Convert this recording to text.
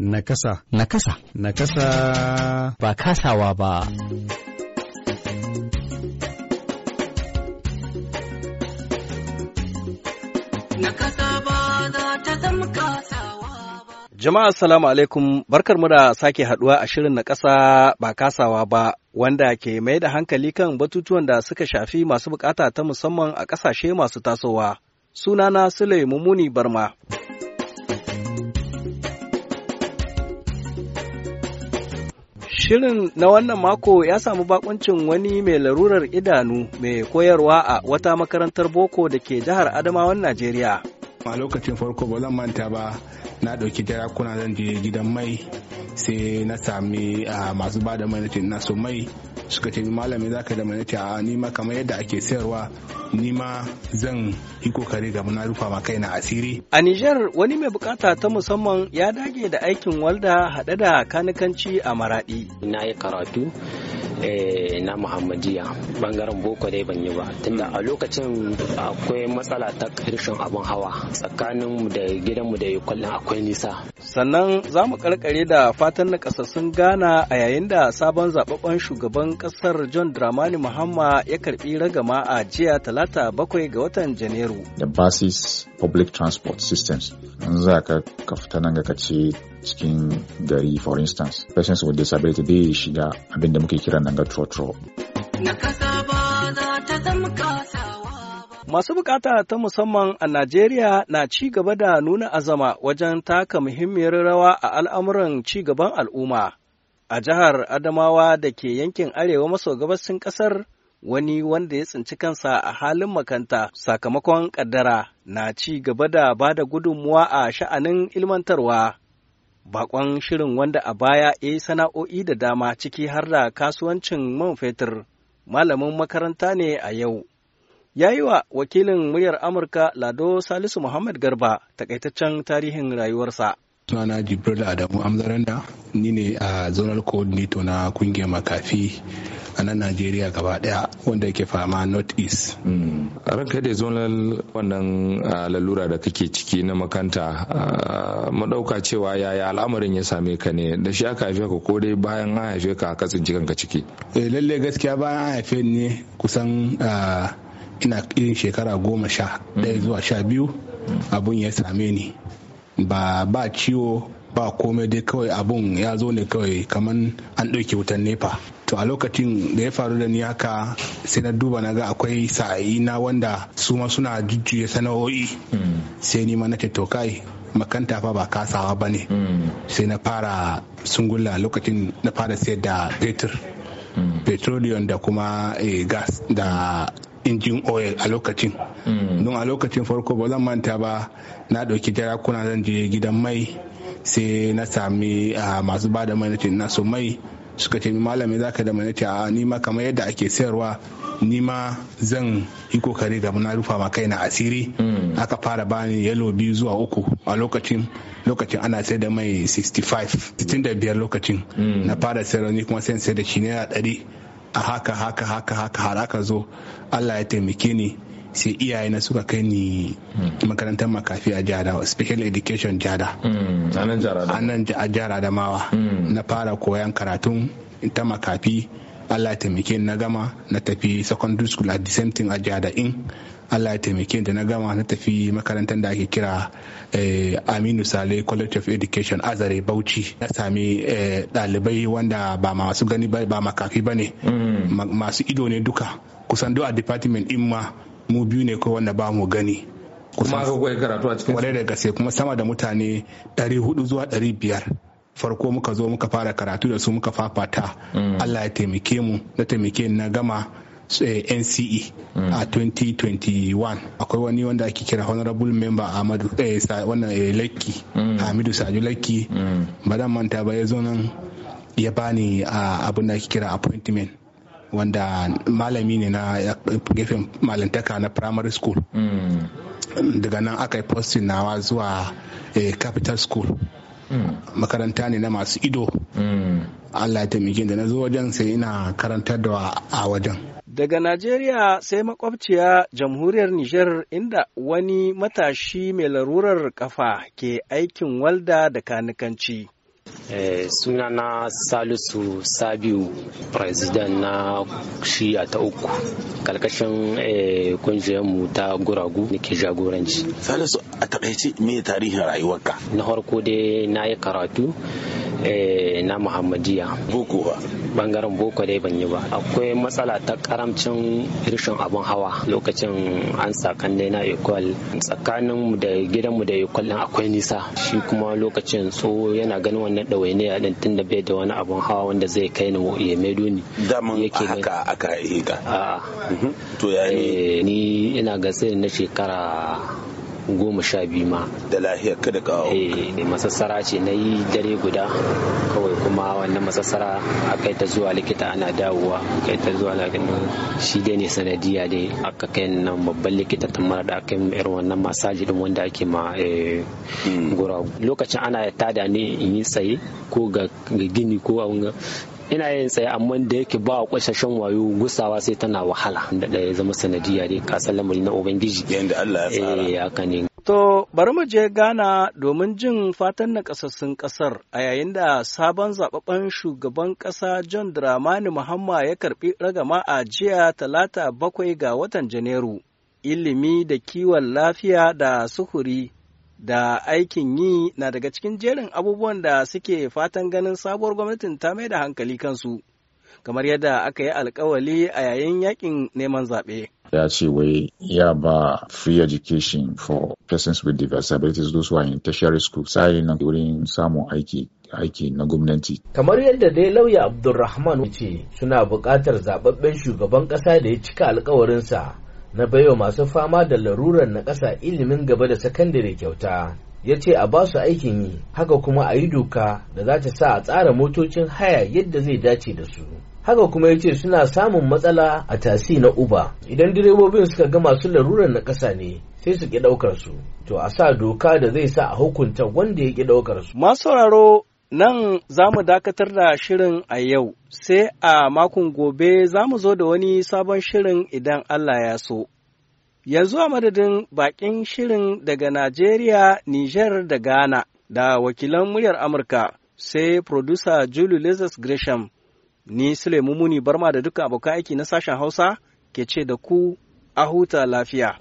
Nakasa. Nakasa. Nakasa. Ba kasawa ba. kasa ba za ta zama kasawa ba. Jama'a salamu alaikum barkar mu da sake haduwa a shirin na ƙasa ba kasawa ba wanda ke mai da hankali kan batutuwan da suka shafi masu bukata ta musamman a ƙasashe masu tasowa. Sunana Sule Mumuni Barma. Shirin na wannan mako ya samu bakuncin wani mai larurar idanu mai koyarwa a wata makarantar boko da ke jihar Adamawan Najeriya. A lokacin farko ba zan manta ba na ɗauki jarakuna zan je gidan mai sai na sami ah, masu ba da mai na so mai suka ce malami zaka da mai a ni ma kamar yadda ake sayarwa ni ma zan yi kokari ga na rufa ma kaina asiri a Nijar, wani mai bukata ta musamman ya dage da aikin walda hade da kanikanci a maradi na yi karatu Eh, na muhammadiya bangaren boko dai ban yi ba tunda a lokacin akwai matsala ta rashin abin hawa tsakaninmu da gidanmu da kwallon akwai nisa sannan za mu karkare da fatan na kasassun gana a yayin da sabon zababben shugaban kasar john dramani muhamma ya karbi ragama a jiya talata bakwai ga watan janairu the basis public transport systems in za ka fita nan ga ka ce cikin gari for instance persons with disability shiga abin muke kira nanga trotro. Masu bukata ta musamman a Najeriya na ci gaba da nuna azama wajen taka muhimmiyar rawa a al'amuran ci gaban al'umma. A jihar Adamawa da ke yankin arewa maso gabashin ƙasar wani wanda ya tsinci kansa a halin makanta sakamakon ƙaddara na ci gaba da ba da gudunmuwa a sha'anin ilmantarwa bakon shirin wanda a baya ya yi sana'o'i da dama ciki har da kasuwancin man fetur malamin makaranta ne a yau ya yi wa wakilin muryar amurka lado salisu muhammad garba takaitaccen tarihin rayuwarsa sunana jibril adamu amzaranda ni ne a uh, zonal coordinator na kungiyar makafi a nan najeriya gaba daya wanda yake fama north east mm. ranka da zonal wannan lalura da kake ciki na makanta madauka cewa yaya al'amarin ya same ka ne da shi aka haife ka ko dai bayan an haife ka ka tsinci kanka ciki eh, Lallai gaskiya bayan an haife ni kusan ina irin shekara goma sha ɗaya mm. zuwa sha biyu mm. abun ya same ni ba ba ciwo ba komai dai kawai abun ya zo ne kawai kamar an ɗauki wutan nefa to a lokacin da ya faru da niyaka, sai na duba na ga akwai sa'ayi na wanda su ma suna jujjuya sana'o'i sai ni ma na kai makanta fa ba kasawa ba ne sai na fara sungula lokacin na fara sayar da fetur petroleum da kuma eh, gas da injin oil a lokacin don a lokacin farko ba zan manta ba na ɗauki kuna zan je gidan mai sai na sami ah, masu ba da mai na so mai suka ce malami zaka da mana a ni ma kamar yadda ake sayarwa ni ma zan yi kokari da na rufa ma kaina asiri hmm. aka fara bani yalo biyu zuwa uku a lokacin lokacin ana sai da mai 65 biyar lokacin hmm. na fara sayarwa ni kuma sai sai da shi naira 100 a haka haka haka haka har aka zo Allah ya taimake ni sai iyaye na suka kai ni makarantar makafi a jada special education jada mm, a nan a jara da mm. na fara koyan karatun ta makafi allah ya taimake na gama na tafi secondary school at the same thing a jada in allah ya taimake da na gama na tafi makarantar da ake kira eh, aminu sale college of education azare bauchi na sami eh, ɗalibai wanda ba masu gani ba makafi ba ne mm. masu ido ne duka kusan duk a department in ma mu biyu ne kawai wanda ba mu gani kuma karatu da gaske kuma sama da mutane 400 zuwa 500 farko muka zo muka fara karatu da su muka fafata mm. Allah ya taimake mu na taimake na gama eh, NCE mm. a 2021 akwai wani wanda ake kira honorable member Ahmadu eh, wannan eh, Lekki mm. Hamidu Sajo Lekki ba manta ba ya zo nan ya bani ah, abin da ake kira appointment wanda malami ne na gefen malantaka na primary school hmm. daga nan aka yi posting nawa zuwa eh, capital school hmm. makaranta ne na masu ido hmm. allah ya taimake da na zo wajen sai ina karantar da a wajen Daga Najeriya sai makwabciya jamhuriyar Nijar inda wani matashi mai larurar kafa ke aikin walda da kanikanci. Eh, sunana salisu sabiu president na shi a ta uku karkashin eh, kungiyarmu ta guragu da ke jagoranci salisu a takaice me tarihin rayuwarka na farko dai na yi karatu eh, na muhammadiya boko bangaren boko dai ban yi ba akwai matsala ta karamcin rishin abin hawa lokacin an sakan dai na ekwal tsakanin da gidanmu da ekwal din akwai nisa shi kuma lokacin so yana ganin wannan ɗawainiya din tunda bai da wani abun hawa wanda zai kai ni ya maido ni haka aka yi ka to ya eh, ni ina ga sai na shekara goma sha biyu ma da lahiyar kada kawo eh masassara ce na yi dare guda kawai kuma wannan masassara a kai ta zuwa likita ana dawowa kai ta zuwa lagani shi dai ne sanadiya dai aka kai nan babban likita ta mara da aka yi irin wannan masaji din wanda ake ma eh, hmm. guragu lokacin ana tada ne in yi tsaye ko ga gini ko a ina yin tsaye amma da yake ba kwashashen wayo gusawa sai tana wahala da ya zama sanadiyya dai kasan lamari na ubangiji yanda Allah ya tsara eh haka ne To bari mu je Ghana domin jin fatan na kasassun ƙasar a yayin da sabon zababben shugaban ƙasa John Dramani Muhamma ya karɓi ragama a jiya talata bakwai ga watan Janairu. Ilimi da kiwon lafiya da suhuri da aikin yi na daga cikin jerin abubuwan da suke fatan ganin sabuwar gwamnatin ta mai da hankali kansu kamar yadda aka yi alkawali a yayin yakin neman zaɓe. ya ce wai ya ba free education for persons with disabilities those who are in tertiary school sai nan wurin samun aiki aiki na gwamnati. Kamar yadda dai lauya Abdulrahman ce suna buƙatar zaɓaɓɓen shugaban ƙasa da ya cika alkawarinsa na baiwa masu fama da larurar na ƙasa ilimin gaba da sakandare kyauta ya ce a ba su aikin yi haka kuma a yi doka da za ta sa a tsara motocin haya yadda zai dace da su haka kuma ya ce suna samun matsala a tasi na uba idan direbobin suka ga masu larurar na ƙasa ne sai su ƙi ɗaukar su to a sa doka da zai sa a hukunta wanda ya ƙi ɗaukar su masu sauraro Nan za mu dakatar da shirin a yau, sai a makon gobe za mu zo da wani sabon shirin idan Allah ya so. Yanzu a madadin bakin shirin daga Najeriya, Nijar da Ghana da wakilan muryar Amurka sai producer Julie Lazarus Gresham, ni Sule Muni Barma da duka abokan aiki na sashen Hausa ke ce da ku a huta lafiya.